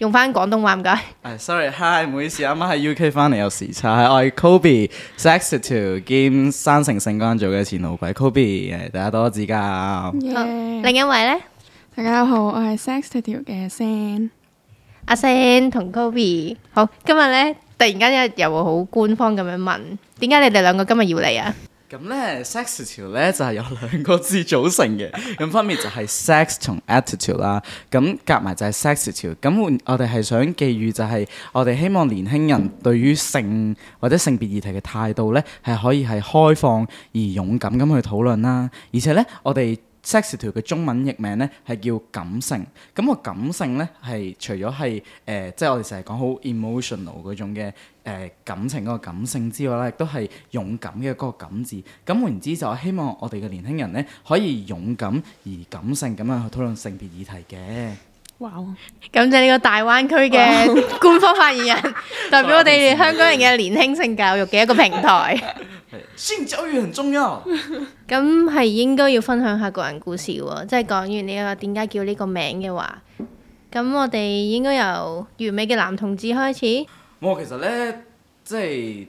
用翻廣東話唔該。uh, sorry, hi, 唔好意思，啱啱喺 U K 翻嚟有時差。我係 Colby，Sextitude 兼山城聖光組嘅前老鬼 Colby，誒大家多多指教 Yeah.、哦。另一位呢？大家好，我係 Sextitude 嘅 San，阿、啊、San 同 Colby，好，今日呢，突然間又又會好官方咁樣問，點解你哋兩個今日要嚟啊？咁咧 Sextitude 咧就係由兩個字組成嘅，咁分別就係 sex 同 attitude 啦。咁夾埋就係 Sextitude。咁我我哋係想寄語就係，我哋希望年輕人對於性或者性別議題嘅態度咧，係可以係開放而勇敢咁去討論啦。而且咧，我哋 Sexuality 嘅中文譯名咧係叫感性，咁、那個感性咧係除咗係誒，即、呃、係、就是、我哋成日講好 emotional 嗰種嘅誒、呃、感情嗰個感性之外咧，亦都係勇敢嘅嗰個感字。咁換言之，就希望我哋嘅年輕人咧可以勇敢而感性咁樣去討論性別議題嘅。哇！Wow. 感謝呢個大灣區嘅官方發言人，Wow. 代表我哋香港人嘅年輕性教育嘅一個平台。Wow. 性教育很重要，咁係 應該要分享下個人故事喎，哦，即係講完呢、這個點解叫呢個名嘅話，咁我哋應該由完美嘅男同志開始。我、嗯、其實呢，即係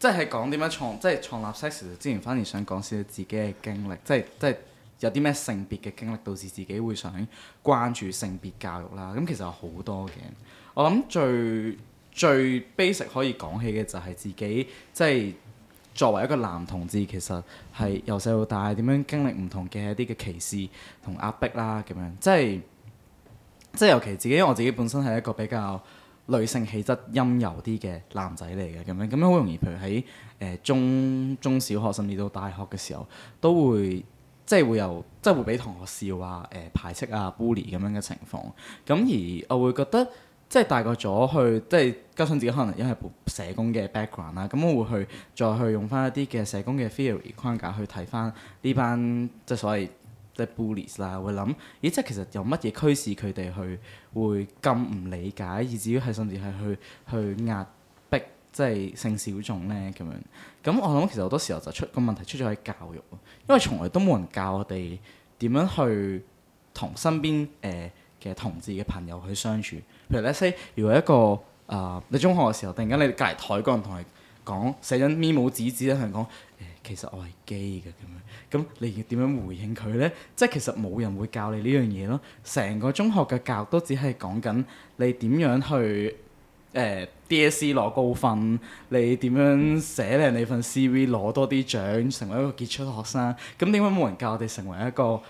即係講點樣創，即係創立 Sex 之前，反而想講少少自己嘅經歷，即係即係有啲咩性別嘅經歷，導致自己會想關注性別教育啦。咁、嗯、其實有好多嘅，我諗最最 basic 可以講起嘅就係自己即係。作為一個男同志，其實係由細到大點樣經歷唔同嘅一啲嘅歧視同壓迫啦、啊，咁樣即係即係尤其自己，因為我自己本身係一個比較女性氣質陰柔啲嘅男仔嚟嘅，咁樣咁樣好容易，譬如喺誒、呃、中中小學甚至到大學嘅時候，都會即係會有，即、就、係、是、會俾同學笑啊、誒、呃、排斥啊、bully 咁、啊啊、樣嘅情況，咁而我會覺得。即係大個咗，去即係加上自己可能因為部社工嘅 background 啦，咁我會去再去用翻一啲嘅社工嘅 theory 框架去睇翻呢班即係所謂即係 bullies 啦，會諗咦，即係其實有乜嘢驅使佢哋去會咁唔理解，以至於係甚至係去去壓迫即係性小眾咧，咁樣。咁我諗其實好多時候就出個問題出咗喺教育，因為從來都冇人教我哋點樣去同身邊誒。呃嘅同志嘅朋友去相處，譬如咧如果一個啊，你、呃、中學嘅時候突然間你隔籬台個人同你講，寫緊 memo 紙紙同你講其實我係 gay 嘅咁樣，咁你要點樣回應佢呢？即係其實冇人會教你呢樣嘢咯。成個中學嘅教育都只係講緊你點樣去誒、呃、DSE 攞高分，你點樣寫靚你份 CV 攞多啲獎，成為一個傑出學生。咁點解冇人教我哋成為一個？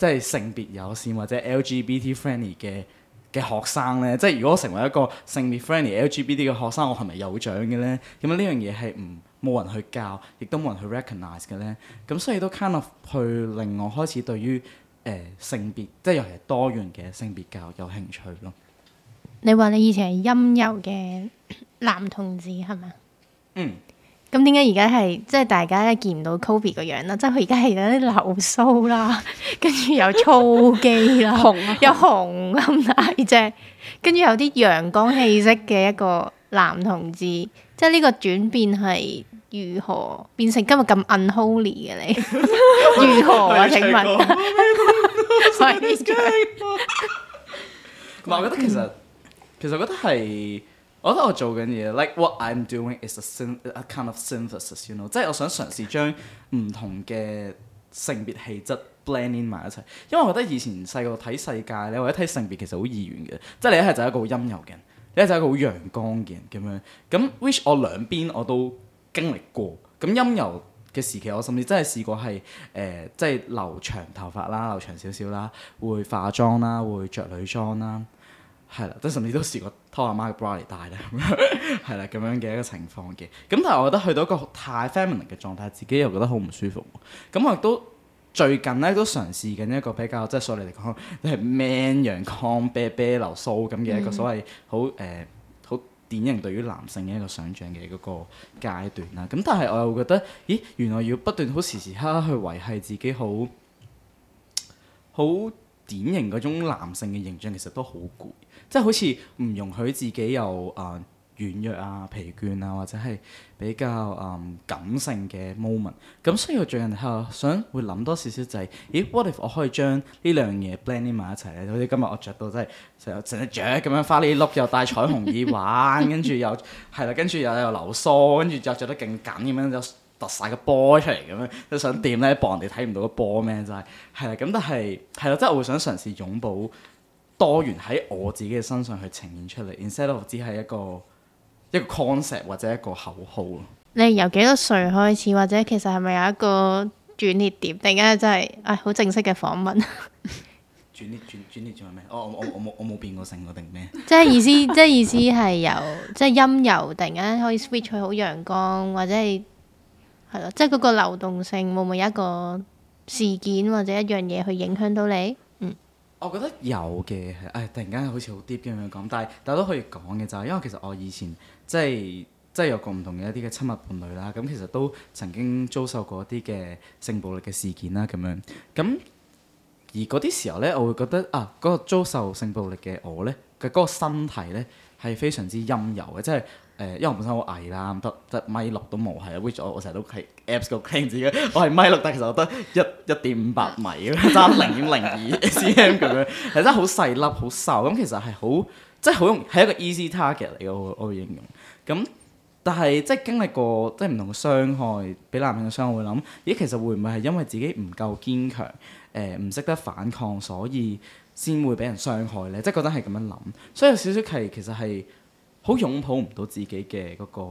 即係性別友善或者 LGBT friendly 嘅嘅學生咧，即係如果成為一個性別 friendly LGBT 嘅學生，我係咪有獎嘅咧？咁樣呢樣嘢係唔冇人去教，亦都冇人去 recognize 嘅咧。咁所以都 kind of 去令我開始對於誒、呃、性別，即係尤其係多元嘅性別教育有興趣咯。你話你以前係陰柔嘅男同志係咪？嗯。咁點解而家係即係大家咧見唔到 Colby 個樣啦？即係佢而家係有啲流蘇啦，跟住又粗肌啦，紅又紅咁大隻，跟住有啲陽光氣息嘅一個男同志，即係呢個轉變係如何變成今日咁 unholy 嘅你？如何啊？請問？係。我覺得其實，其實我覺得係。我覺得我做緊嘢，like what I'm doing is a, sin, a kind of synthesis，you know，即係我想嘗試將唔同嘅性別氣質 blend in 埋一齊。因為我覺得以前細個睇世界咧，或者睇性別其實好二元嘅，即係你一係就一個好陰柔嘅人，你一係就一個好陽光嘅人咁樣。咁 which 我兩邊我都經歷過。咁陰柔嘅時期，我甚至真係試過係誒、呃，即係留長頭髮啦，留長少少啦，會化妝啦，會着女裝啦，係啦，真係甚至都試過。拖阿媽嘅 bra 嚟戴咧，係 啦，咁樣嘅一個情況嘅。咁但係我覺得去到一個太 feminine 嘅狀態，自己又覺得好唔舒服。咁我亦都最近咧都嘗試緊一個比較即係所謂嚟講係 man 樣 con 啤啤流蘇咁嘅一個所謂好誒好典型對於男性嘅一個想像嘅嗰個階段啦。咁但係我又覺得，咦，原來要不斷好時時刻刻去維係自己好好。典型嗰種男性嘅形象其實都、就是、好攰，即係好似唔容許自己有誒、呃、軟弱啊、疲倦啊，或者係比較誒、呃、感性嘅 moment。咁所以我最近係度想會諗多少少就係、是，咦，what if 我可以將呢兩樣嘢 blend 啲埋一齊咧？好似今日我着到真係成日成隻雀咁樣花呢碌，又戴彩虹耳環， 跟住又係啦，跟住又又流蘇，跟住就着得勁緊咁樣就～突晒個波出嚟咁樣呢，你想點咧？幫人哋睇唔到個波咩？真係係啦，咁但係係咯，即係我會想嘗試擁抱多元喺我自己嘅身上去呈現出嚟，instead of 只係一個一個 concept 或者一個口號。你由幾多歲開始，或者其實係咪有一個轉捩點？突然間真係唉，好、哎、正式嘅訪問。 轉捩轉轉捩轉係咩？我我我冇我冇變過性，定咩？即係意思， 即係意思係由即係陰柔，突然間可以 switch 去好陽光，或者係。係咯，即係嗰個流動性，會唔會有一個事件或者一樣嘢去影響到你？嗯，我覺得有嘅，誒，突然間好似好 deep 咁樣講，但係但係都可以講嘅就係，因為其實我以前即係即係有個唔同嘅一啲嘅親密伴侶啦，咁其實都曾經遭受過一啲嘅性暴力嘅事件啦，咁樣，咁而嗰啲時候咧，我會覺得啊，嗰個遭受性暴力嘅我咧嘅嗰個身體咧係非常之陰柔嘅，即係。誒、呃，因為我本身好矮啦，得即係米六都冇係，which 我成日都喺 Apps 嗰度 claim 自己，我係米六，但其實我得一一點五八米，差零點零二 cm 咁樣，係真係好細粒，好瘦，咁、嗯、其實係好，即係好容易，係一個 easy target 嚟嘅我我會形容。咁，但係即係經歷過即係唔同嘅傷害，俾男人嘅傷害，我會諗咦，其實會唔會係因為自己唔夠堅強，誒唔識得反抗，所以先會俾人傷害咧？即係嗰陣係咁樣諗，所以有少少係其，其實係。好擁抱唔到自己嘅嗰、那個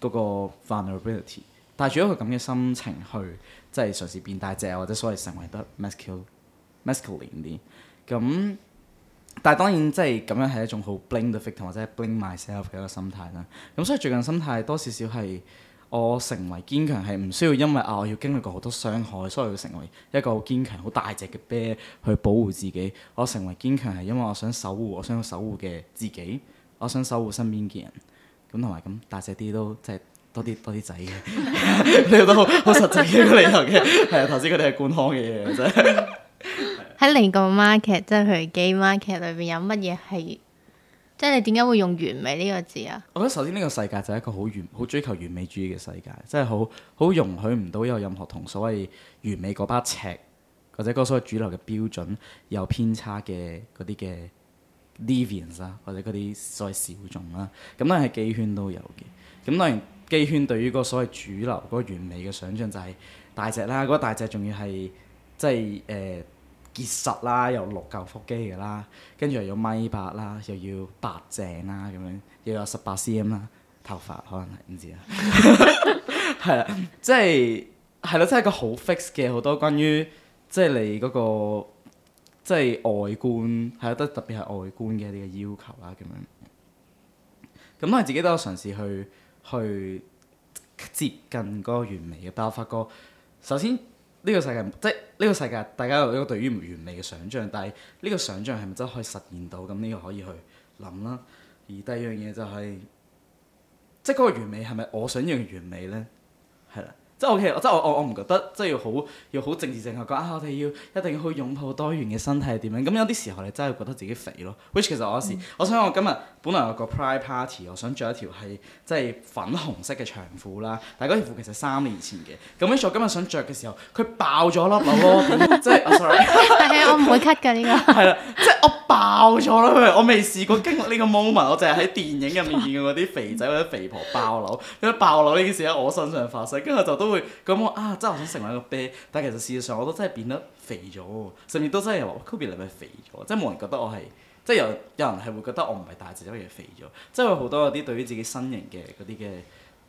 嗰、那個 vulnerability，帶住一個咁嘅心情去，即係嘗試變大隻，或者所謂成為得 mascul masculine 啲。咁但係當然、就是，即係咁樣係一種好 blame the victim 或者 blame myself 嘅一個心態啦。咁、嗯、所以最近心態多少少係我成為堅強係唔需要，因為啊，我要經歷過好多傷害，所以要成為一個好堅強、好大隻嘅 bear 去保護自己。我成為堅強係因為我想守護，我想守護嘅自己。我想守護身邊嘅人，咁同埋咁大隻啲都即係多啲多啲仔嘅，呢個都好實際嘅一個理由嘅。係啊，頭先佢哋係官腔嘅嘢啫。喺另一個 market，即係佢 gay market 裏邊有乜嘢係？即係你點解會用完美呢個字啊？ 我覺得首先呢個世界就係一個好完好追求完美主義嘅世界，即係好好容許唔到有任何同所謂完美嗰把尺，或者嗰所謂主流嘅標準有偏差嘅嗰啲嘅。Levians 啦，或者嗰啲所謂小眾啦，咁當然係機圈都有嘅。咁當然機圈對於嗰個所謂主流嗰個完美嘅想象就係大隻啦，嗰、那個、大隻仲要係即係誒、呃、結實啦，又六嚿腹肌嘅啦，跟住又有米八啦，又要白淨啦，咁樣又有十八 cm 啦，頭髮可能係唔知啦，係啦， 即係係咯，即係、就是、個好 fix 嘅好多關於即係、就是、你嗰、那個。即係外觀係有得特別係外觀嘅一啲嘅要求啦咁樣，咁我自己都有嘗試去去接近個完美嘅，但係我發覺首先呢、這個世界即係呢、這個世界，大家有一個對於唔完美嘅想像，但係呢、這個想像係咪真係可以實現到？咁、這、呢個可以去諗啦。而第二樣嘢就係、是，即係嗰個完美係咪我想要嘅完美咧？係啦。即係 OK，即我我唔覺得，即係要好要好政治性講啊！我哋要一定要去擁抱多元嘅身體係點樣？咁有啲時候你真係覺得自己肥咯。Which 其實我是我、嗯、我想我今日本來有個 Pride Party，我想着一條係即係粉紅色嘅長褲啦。但係嗰條褲其實三年前嘅。咁跟住我今日想着嘅時候，佢爆咗粒紐咯，即係 sorry。但係我唔會 cut 㗎，應該係啦。即係我爆咗啦，我未試過經歷呢個 moment。我淨係喺電影入面見過啲肥仔或者肥婆爆紐，點解爆紐呢件事喺我身上發生？跟住我就都。咁我啊真係想成為一個啤，但係其實事實上我都真係變得肥咗，甚至都真係話，Colby 你咪肥咗，即係冇人覺得我係，即係有有人係會覺得我唔係大隻，因為肥咗，即係好多嗰啲對於自己身形嘅嗰啲嘅，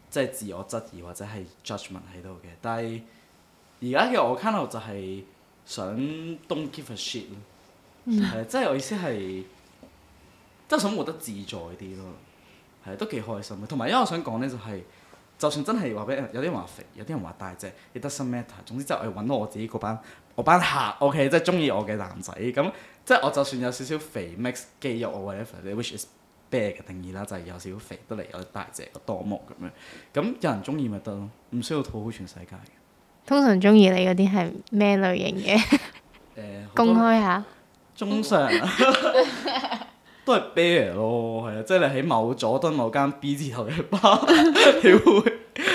即係自我質疑或者係 judgment 喺度嘅。但係而家嘅我 kind of 就係想 don't give a shit 咯，係、 嗯、即係我意思係，即係想活得自在啲咯，係都幾開心嘅。同埋因為我想講呢、就是，就係。就算真係話俾有啲人話肥，有啲人話大隻，亦 doesn't matter 總之即係我揾到我自己嗰班，我班客，OK，即係中意我嘅男仔。咁即係我就算有少少肥 max 肌肉 whatever which is bad 嘅定義啦，就係有少少肥得嚟有大隻個多毛咁樣。咁有人中意咪得咯，唔需要討好全世界。通常中意你嗰啲係咩類型嘅？誒 公開下。中上。 都係 bear 咯，係啊，即係你喺某佐敦某間 B 字頭嘅巴，巴， 你會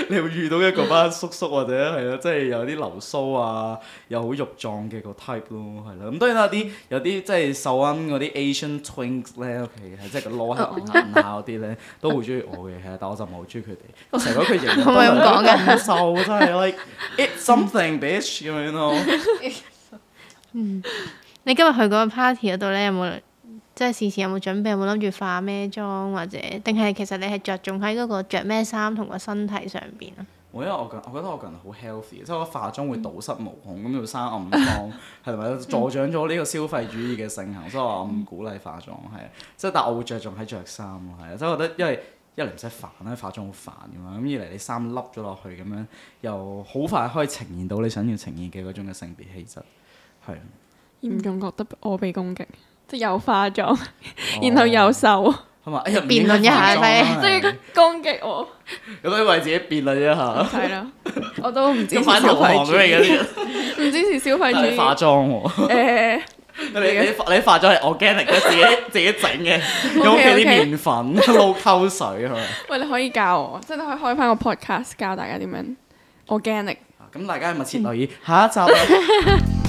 你會遇到一個班叔叔或者係啊，即係有啲流蘇啊，又好肉壯嘅個 type 咯，係啦。咁、嗯、當然啦，啲有啲即係秀恩嗰啲 Asian twinks 咧，OK，係即係個 l o 眼 k u 嗰啲咧，都會中意我嘅，啊， 但我就唔係好中意佢哋，成日佢型都唔瘦，真係 like eat something bitch 咁樣咯。嗯，你今日去嗰個 party 嗰度咧，有冇？即係事前有冇準備，有冇諗住化咩妝，或者定係其實你係着重喺嗰個著咩衫同個身體上邊啊？冇，因為我覺，我覺得我個人好 healthy，即係我化妝會堵塞毛孔，咁要、嗯、生暗瘡，係咪？ 助長咗呢個消費主義嘅盛行，嗯、所以我唔鼓勵化妝，係。即係但我會着重喺着衫，係，即係我覺得，因為一嚟唔使煩啦，化妝好煩㗎嘛，咁二嚟你衫笠咗落去咁樣，又好快可以呈現到你想要呈現嘅嗰種嘅性別氣質，係。嚴重覺得我被攻擊。即又化妝，然後又瘦。咁啊！哎呀，辯論一下係咪？即係攻擊我。有冇以為自己辯啊？一下，係咯、yeah, 我都唔支持消費主義。唔支持消費主義化妝喎。你你化妝係、喔、organic 笑笑自己、欸、 自己整嘅，用屋企啲麵粉、露溝水係喂，你可以教我，即你可以開返個 podcast 教大家點樣 organic。咁 大家今前留意下一集。